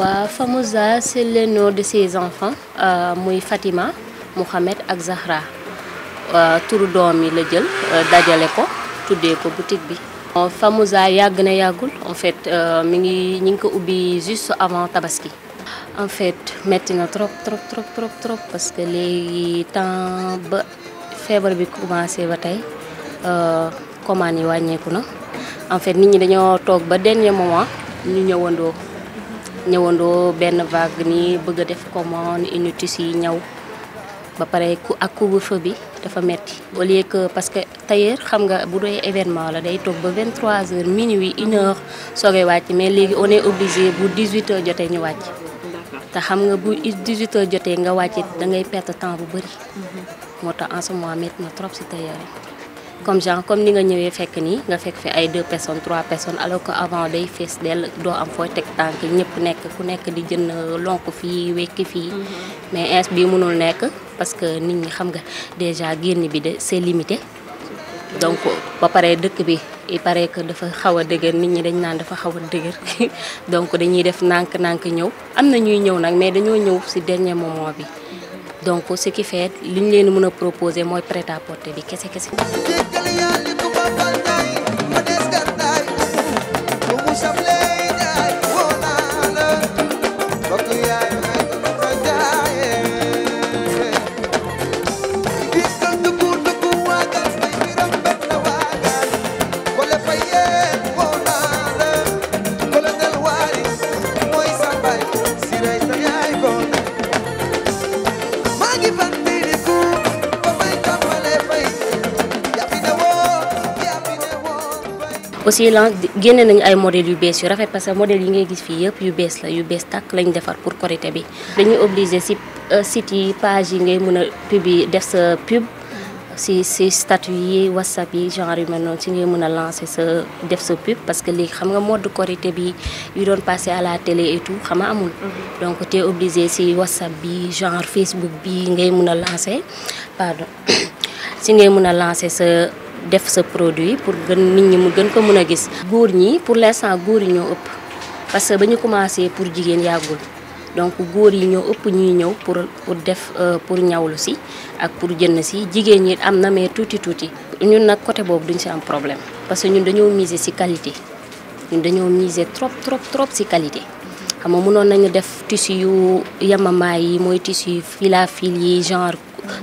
La Famouza c'est le nom de ses enfants euh, Fatima Mohamed ak Zahra euh, turu le yi la jël euh, dajale ko tuddé ko boutique bi. Famouza na en fait juste avant tabaski. en fait metti trop trop trop trop trop parce que les temps ba bi commencé ba en fait nit ñi ba dernier moment ñëwandoo benn vague nii bëgg a def commande une tissu yi ñaw ba pare ku ak couvre bi dafa metti au lieu que parce que tailleur xam nga bu doy événement la day toog ba 23h minuit 1h soogay wàcc mais léegi on est obligé bu 18h jotee ñu wàcc. te xam nga bu 18h jotee nga wàcc da ngay perte temps bu bëri. Mhm. moo tax en ce moment métti na trop si tailleur yi comme genre comme ni nga ñëwé fekk ni nga fekk fi ay deux personnes trois personnes alors que avant day fess del do am fo tek tank ñëpp nekk ku nekk di jënd lonk fi wekki fi mhm. mais ins bi mënul nekk parce que nit ñi xam nga déjà génn bi de c'est limité. donc ba paré dëkk bi il paraît que dafa xaw a dëgër nit ñi dañ naan dafa xaw a dëgër donc dañuy def nank nank ñëw am na ñuy ñëw nag mais dañoo ñëw ci dernier moment bi donc ce qui fait li ñu leen mën a proposer mooy prêt-à-porter bi kese kese. 안녕. aussi y a nañ ay modèles yu yu rafet parce que modèle yi ngay gis fi yépp yu la yu tak lañ défar pour bi si euh, site page yi ngay a publier def sa pub whatsapp genre yu mel lancer parce que léegi xam nga mode bi yu passé à la télé et tout donc obligé si whatsapp bi genre facebook bi ngay mën lancer pardon def ce produit pour gën nit ñi mu gën ko mëna gis goor ñi pour l'instant goor ñoo ëpp parce que bañu commencé pour jigen yagul donc goor yi ñoo ëpp ñuy ñëw pour pour def euh, pour ñawlu si ak pour jënd si jigen ñi am na mais touti touti ñun nak côté bobu duñ si am problème parce que ñun dañoo miser ci qualité ñun dañoo miser trop trop trop si qualité xam nga mënon nañu def tissu yu yamama yi moy tissu fila yi genre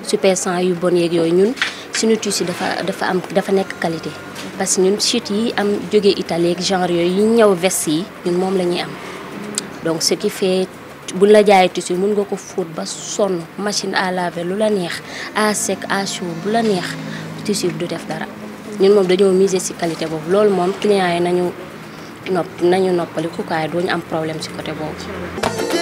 super sang yu bon yeeg yoy ñun suñu tissu dafa dafa am dafa nekk qualité parce que ñun chute yi am jógee Italie ak genre yooyu yi ñëw veste yi ñun moom la ñuy am donc ce qui fait buñ la jaayee tissu mun nga ko fóot ba sonn machine à laver lu la neex à sec à chaud bu la neex tissu du def dara ñun moom dañoo miser ci qualité boobu loolu moom client yi nañu nopp nañu noppali kukaay duñu am problème ci côté boobu